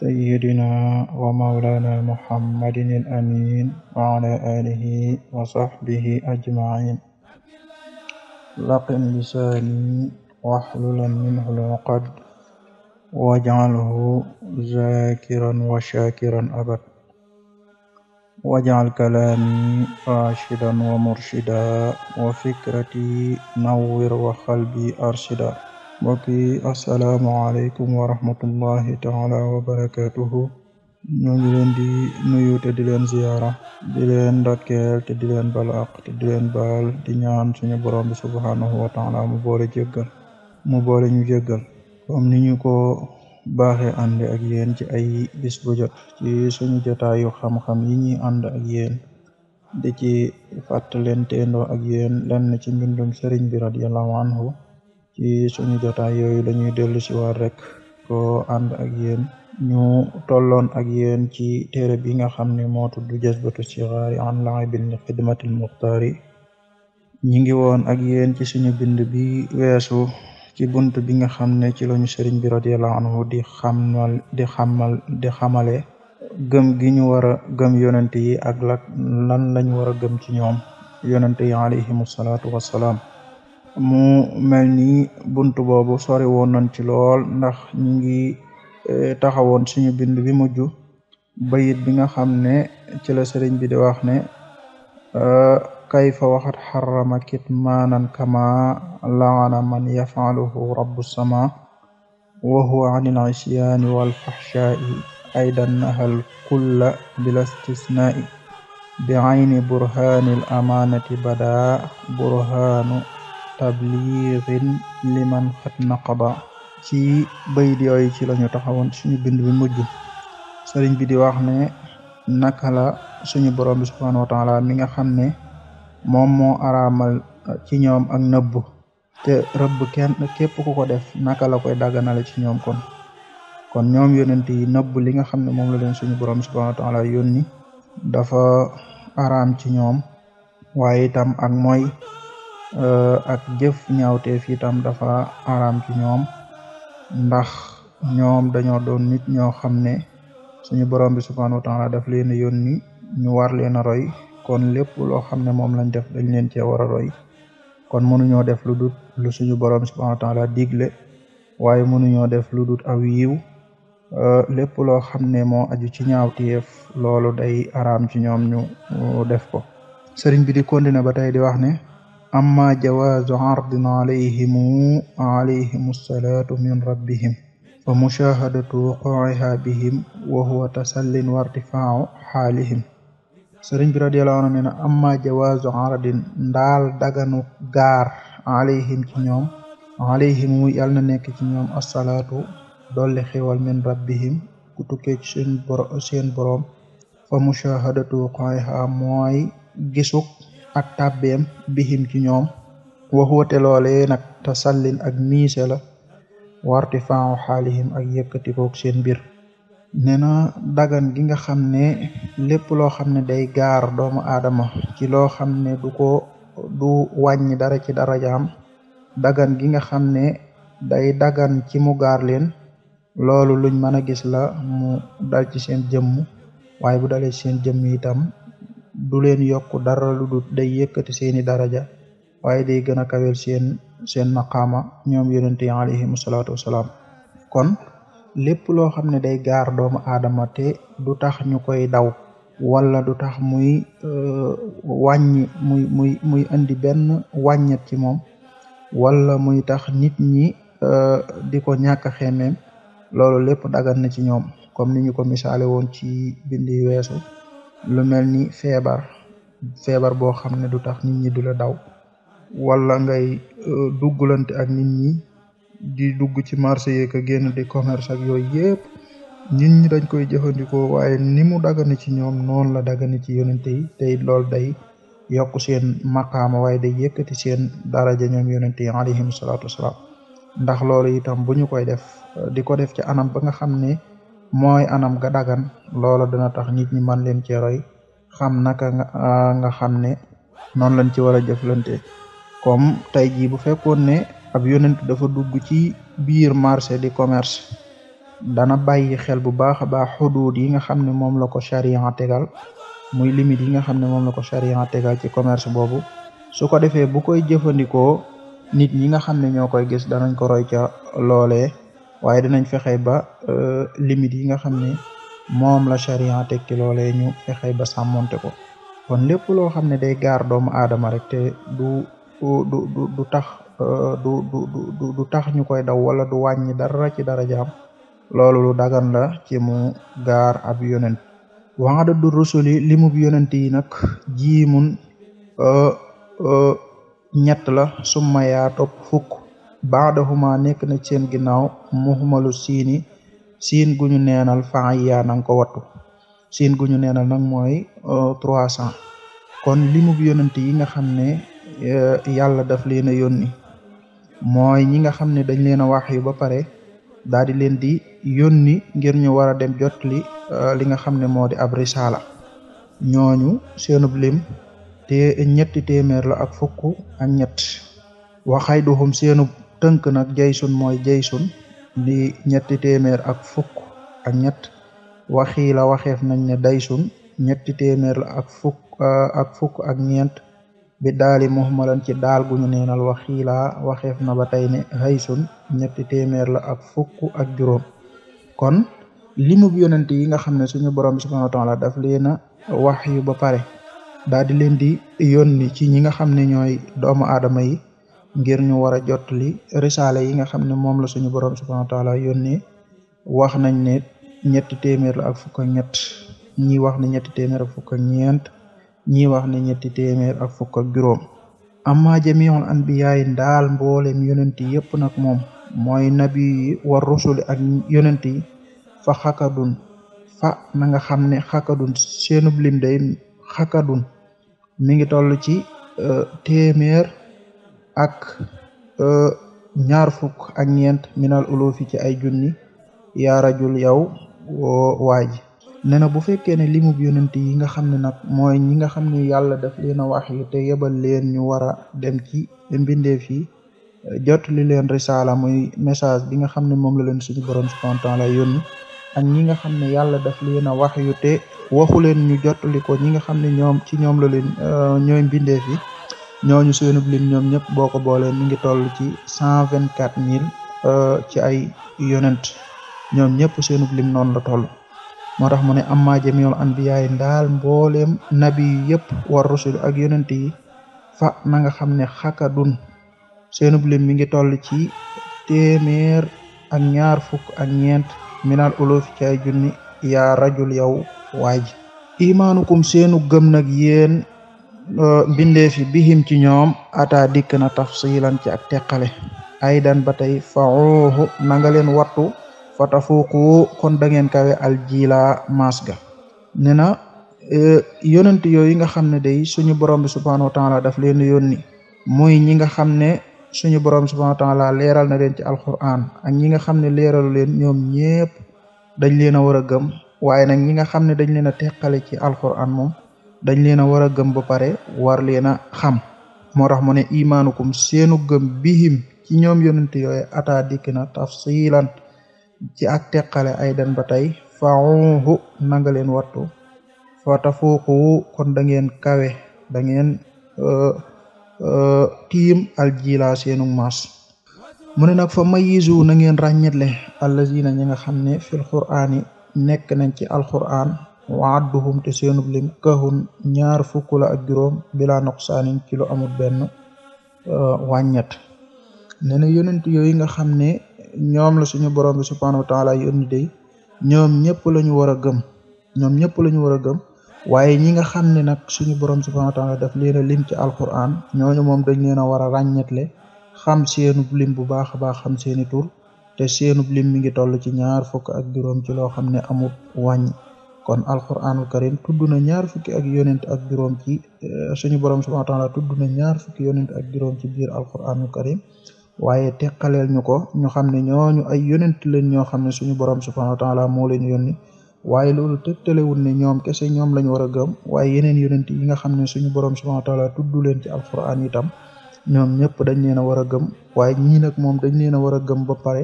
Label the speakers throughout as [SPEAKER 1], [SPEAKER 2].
[SPEAKER 1] سيدنا ومولانا محمد الأمين وعلى آله وصحبه أجمعين لقم لساني واحللا منه العقد واجعله ذاكرا وشاكرا أبد واجعل كلامي راشدا ومرشدا وفكرتي نور وقلبي أرشدا mbokk yi asalaamualeykum wa rahmatullahi taala wa barakatuhu ñoo ngi leen di nuyu te di leen ziyaara di leen ndokkeel te di leen bal aq te di leen bal di ñaan suñu borom bi subhanahu wa taala mu boole jéggal mu boole ñu jéggal comme ni ñu ko baaxe ànd ak yéen ci ay bis jot ci suñu jotaayu xam-xam yi ñuy ànd ak yéen di ci fàttalenteendoo ak yéen lenn ci mbindum sëriñ bi radiyallahu anhu ci suñu jotaay yooyu dañuy dellu si rek ko ànd ak yéen ñu tolloon ak yéen ci téere bi nga xam ne moo tudd jazbatu sigaari an la'ibil xidmatil muxtaari ñi ngi woon ak yéen ci suñu bind bi weesu ci bunt bi nga xam ne ci lañu sëriñ bi radiyallahu di xamal di di xamale gëm gi ñu war a gëm yonent yi ak lan lañ war a gëm ci ñoom yonent yi alayhimu salaatu wassalaam mu mel ni buntu boobu sori woon nañ ci lool ndax ñu ngi e, taxawoon suñu bind bi mujj bayit bi nga xam ne ci la sëriñ bi di wax ne e, kayfa waxat xarama kitmaanan kama laana man yafaluhu rabbu sama wa aydan nahal kulla bila istisnaai bi ayni burhaani amaanati bada burhaanu tablirin liman xat naqaba ci bayit yooyu ci lañu taxawoon suñu bind bi mujj sëriñ bi di wax ne naka la suñu borom bi subhanahu wa taala mi nga xam ne moom moo araamal uh, ci ñoom ak nëbb te rëbb kenn képp ku ko def naka la koy dagganale ci ñoom kon kon ñoom yonent yi nëbb li nga xam ne moom la leen suñu borom bi subhanahu wa taala yónni dafa araam ci ñoom waaye itam ak mooy Euh, ak jëf ñaawteef itam dafa araam ci ñoom ndax ñoom dañoo doon nit ñoo xam ne suñu borom bi subhanahu wa taala daf leen yónni ñu war leen a roy kon lépp loo xam ne moom lañ def dañ leen cee war a roy kon mënuñoo def lu dut lu suñu borom bi subhanahu wa digle waaye mënuñoo def lu dut aw yiw euh, lépp loo xam ne moo aju ci ñaaw ñaawteef loolu day araam ci ñoom ñu euh, def ko sëriñ bi di continuer ba tey di wax ne amma jawaazu cardin calayhimu calayhimu salaatu min rabbihim wa mushaahadatu wuquucihaa bihim wa huwa tasallin wa irtifaacu xaalihim sëriñ bi radiyallaahu anhu nee amma jawaazu cardin ndaal daganu gaar calayhim ci ñoom calayhimu yal nekk ci ñoom assalaatu dolli xiwal min rabbihim ku seen boroom seen boroom fa mushaahadatu mooy gisuk ak tàbbeem bihim ci ñoom waxuute loole nag te ak miise la warti faaw xaalihim ak yëkkatikoog seen mbir nee na dagan gi nga xam ne lépp loo xam ne day gaar doomu aadama ci loo xam ne du ko du wàññi dara ci darajaam dagan gi nga xam ne day dagan cimu mu gaar leen loolu luñ mën a gis la mu dal ci seen jëmm waaye bu dalee seen jëmm itam du leen yokk dara lu dul day yëkkati seeni daraja waaye day gën a kawel seen seen maqaama ñoom yonente yi alayhim salaatu wasalaam kon lépp loo xam ne day gaar doomu aadama te du tax ñu koy daw wala du tax muy euh, wàññi muy muy muy indi benn wàññat ci moom wala muy tax nit ñi euh, di ko ñàkk a xemmeem loolu lépp dagan na ci ñoom comme ni ñu ko misaale woon ci bindi weesu lu mel ni feebar feebar boo xam ne du tax nit ñi du la daw wala ngay euh, duggalante ak nit ñi di dugg ci marché yeeg a génn di commerce yooyu yëpp nit ñi dañ koy jëfandikoo waaye ni mu dagane ci ñoom noonu la dagane ci yonente tey te it day yokk seen maqaama waaye day yëkkati seen daraja ñoom yonente yi alayhim salaatu wasalaam ndax loolu itam bu ñu koy def di ko def ci anam ba nga xam ne mooy anam ga dagan loola dana tax nit ñi man leen ci roy xam naka ah, nga xam ne noonu lañ ci war a jëflante comme tey jii bu fekkoon ne ab yonent dafa dugg ci biir marché de commerce dana bàyyi xel bu baax a baax xuduud yi nga xam ne moom la ko charia tegal muy limite yi nga xam ne moom la ko charia tegal ci commerce boobu su ko defee bu koy jëfandikoo nit ñi nga xam ne ñoo koy gis danañ ko roy ca loolee waaye dinañ fexe ba euh, limite yi nga xam ne moom la charia tekki loolee ñu fexe ba sàmmonte ko kon lépp loo xam ne day gaar doomu aadama rek te du du tax euh, du du du tax ñu koy daw wala du wàññi dara ci dara jaam loolu lu dagan la ci mu gaar ab yonent waada du rusuli limub yonent yi nag jiimun euh, ñett la summa yaa fukk baadahuma nekk na seen ginnaaw muxumalu siini siin gu ñu neenal fan yaa na ko wattu siin gu ñu neenal nag mooy euh, trois cent kon limub yonent yi nga xam ne euh, yàlla daf leen a yónni mooy ñi nga xam ne dañ leen a wax yu ba pare daal di leen di yónni ngir ñu war a dem jot li euh, li nga xam ne moo di ab risaala ñooñu seenub lim te ñetti téeméer la ak fukk ak ñett waxay duxum seenub tënk nag jaysun mooy jaysun di ñetti téeméer ak fukk ak ñett waxii la waxeef nañ ne daysun ñetti téeméer la ak fukk euh, ak fukk ak ñeent bi daali muhmalan ci daal gu neenal waxii la waxeef na ba tey ne haysun ñetti téeméer la ak fukk ak juróom kon limu yonent yi nga xam ne suñu borom bi subhanahu wa taala daf leen wax yu ba pare daal leen di yónni ci ñi nga xam ne ñooy doomu aadama yi ngir ñu war a jottali risaale yi nga xam ne moom la suñu borom subhanahu wa taala ne wax nañ ne ñetti téeméer la ak fukk ak ñett ñii wax ne ñetti téeméer ak fukk ak ñeent ñii wax ne ñetti téeméer ak fukk ak juróom amma jamiul anbiyaay daal mboolem yonent yëpp nag moom mooy nabi yi war rusuli ak yonent yi fa xakadun fa na nga xam ne xakadun seenub lim day xakadun mi ngi toll ci euh, téeméer ak euh, ñaar fukk ak ñeent minal ulufi ci ay junni yaa rajul yow waaj nee na bu fekkee ne limub yonent yi nga xam ne nag mooy ñi nga xam ne yàlla daf leen a wax yi te yebal leen ñu war a dem ci mbindeef yi jot li leen risaala muy message bi nga xam ne moom la leen suñu borom subhanahu wa taala ak ñi nga xam ne yàlla daf leen a wax yu te waxu leen ñu jotali ñi nga xam ne ñoom ci ñoom la leen euh, ñooy mbindeef yi ñooñu seenub lim ñoom ñëpp boo ko boolee mi ngi tollu ci cent vingt quatre mille euh, ci ay yonent ñoom ñëpp seenub lim noonu la toll moo tax mu ne amma jamiul anbiyaay ndaal mbooleem nabi yu yëpp war rusul ak yonent yi fa na nga xam ne xakadun seenub lim mi ngi toll ci téeméer ak ñaar fukk ak ñeent minal uloofi ci ay junni yaa rajul yow waaj imaanukum seenu gëm nag Euh, bindee fi bihim ci ñoom ata dikk na tafsilan ci ak teqale aydan ba tey fa'uhu na nga leen wattu fatafuqu kon da ngeen kawe aljila mas ga ne na euh, yonent yooyu nga xam ne day suñu borom bi subhanahu wa taala daf leen yónni muy ñi nga xam ne suñu borom bi subhanahu wa taala leeral na leen ci alquran ak ñi nga xam ne leeralu leen ñoom ñépp dañ leen a war a gëm waaye nag ñi nga xam ne dañ leen a teqale ci alquran moom dañ leen a war a gëm ba pare war leen a xam moo tax mu ne kom seenu gëm bihim ci ñoom yonente yooyu ata dikk na tafsilan ci ak teqale ay den ba tey fauhu nanga leen wattu fa tafuuqu kon da ngeen kawe da ngeen euh, euh, tiim aljila seenu maas mu ne nag fa mayisu na ngeen ràññetle allazina ñi nga xam ne fil qur'aani nekk nañ ci alqur'aan waa adduhum te seenub lim kahun ñaar fukk la ak juróom bilaa noqsaanin ci lu amut benn euh, wàññet nee na yonent yooyu nga xam ne ñoom la suñu borom bi subhanahu wa taala yónni day ñoom ñëpp la ñu war a gëm ñoom ñëpp lañu ñu war a gëm waaye ñi nga xam ne nag suñu borom subhanahu wa taala daf leen a lim ci alquran ñooñu moom dañ leen a war a ràññetle xam seenub lim bu baax a baax xam seeni tur te seenub lim mi ngi toll ci ñaar fukk ak juróom ci loo xam ne amul wàññi kon alquranul karim tudd na ñaar fukki ak yonent ak juróom ci eh, suñu borom subhanahu wa taala tudd na ñaar fukki yonent ak juróom ci biir al alquranul karim waaye teqaleel ñu ko ñu xam ne ñooñu ay yonent leen ñoo xam ne suñu borom subhanahu wa taala moo leen yónni waaye loolu tegtalewul ne ñoom kese ñoom lañ war a gëm waaye yeneen yonent yi nga xam ne suñu borom subhanahu wa leen ci alquran itam ñoom ñëpp dañ leen a war a gëm waaye ñii nag moom dañ leen a war a gëm ba pare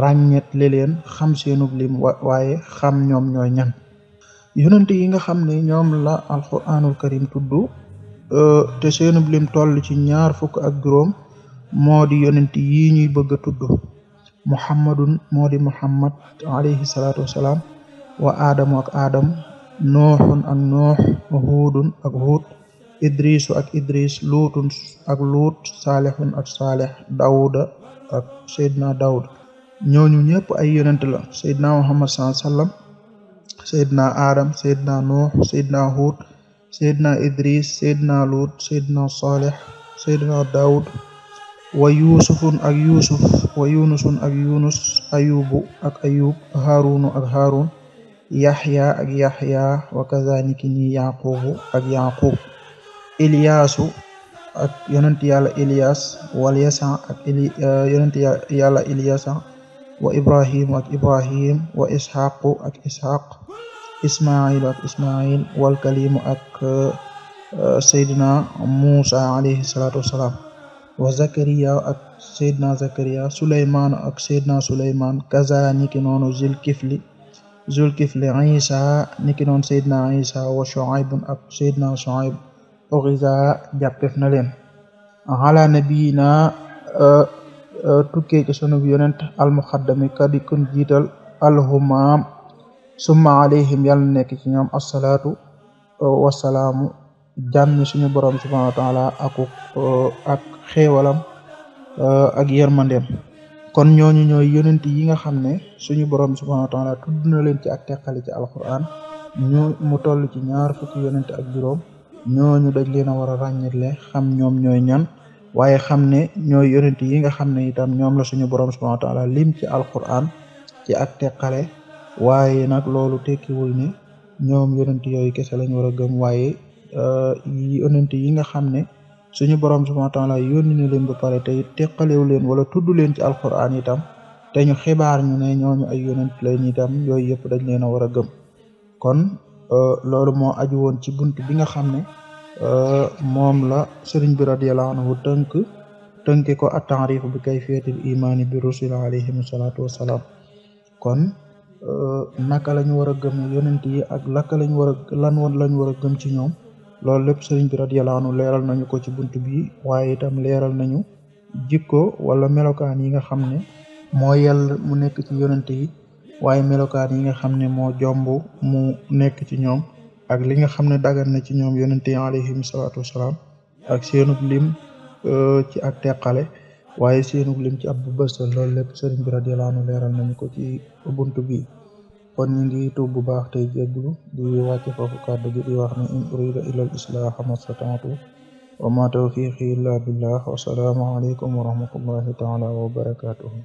[SPEAKER 1] ràññeet le leen xam seenub lim waaye xam ñoom ñooy ñan yonent yi nga xam ne ñoom la alquranul karim tuddu euh, te seenub lim toll ci ñaar fukk ak juróom moo di yi ñuy bëgg a tudd muhammadun moo di muhammad alayhi salaatu wasalaam wa aadamu ak aadam nooxun ak noox huudun ak huud idrisu ak idris luutun ak luut saalihun ak saalih dawuda ak seydna dawud ñooñu ñëpp ay yonent la seydna muhammad sallallahu Seydina Adam Seydina Nuux Seydina Hud Seydina Idris Seydina Lut Seydina Saleh Seydina Daoud wa yusufun ak yusuf wa yunusun ak yunus ayubu ak ayub harunu ak harun yaxya ak yaxya wa kazaniki ni ak yaqub iliyasu ak yonent yàlla iliyas wal ak yonent wa ibrahim ak ibrahim wa ishaqu ak ishaq ismail ak ismail wal kalimu ak euh, seydina musa alayhi salatu wassalam wa zakariya ak seydina zakariya suleymaan ak seydina suleymaan kaza niki noonu zulkifli zulkifli isa niki noonu seydina isa wa shuaybun ak seydina shuayb oxiza jàppef na leen ala nabiyina euh, tukkee ci sunu yonent almuxaddami kadi kun jiital alhumaam summa alayhim yàlla na nekk ci ñoom assalaatu wasalaamu jàmmi suñu borom subhanahu wa taala aku ak xéewalam ak yërmandeem kon ñooñu ñooy yonent yi nga xam ne suñu borom subhanahu wa taala tudd na leen ci ak teqali ci alquran ñu mu toll ci ñaar fukki yonent ak juróom ñooñu dañ leen a war a ràññetle xam ñoom ñooy ñan waaye xam ne ñooy yonent yi nga xam ne itam ñoom la suñu borom subhanahu wa taala lim ci alquran ci ak teqale waaye nag loolu tekkiwul ne ñoom yonent yooyu kese lañ war a gëm waaye euh, yonent yi nga xam ne suñu borom subhanahu wa taala yónni na leen ba pare tey teqalewu leen wala tudd leen ci alquran itam te ñu xibaar ñu ne ñooñu ay yonent lañ itam yooyu yëpp dañ leen a war a gëm kon euh, loolu moo aju woon ci bunt bi nga xam ne Euh, moom la sëriñ bi radiyallahu anhu tënk tënke ko at-ta'rif bi kay kayfiyatil imaani bi rusul alayhim salaatu wassalaam kon euh, naka lañ war a gëm ak laka lañ war a lañ war a gëm ci ñoom loolu lépp sëriñ bi radiyallahu anhu leeral nañu ko ci bunt bi waaye itam leeral nañu jikko wala melokaan yi nga xam ne moo yell mu nekk ci yonent yi waaye melokaan yi nga xam ne moo jomb mu nekk ci ñoom ak li nga xam ne dagan na ci ñoom yonente yi alayhim salaatu wasalaam ak seenub lim euh, ci ak teqale waaye seenub lim ci ab bu bës loolu lépp sëriñ bi radiyallahu anhu leeral nañu ko ci bunt bi kon ñu ngi tuub bu baax tey jégglu di wàcce foofu kàddu gi di wax ne in urida ilal a mastata'tu wa ma tawfiqi illa billah wasalaamu aleykum wa rahmatullahi taala wa barakatuhu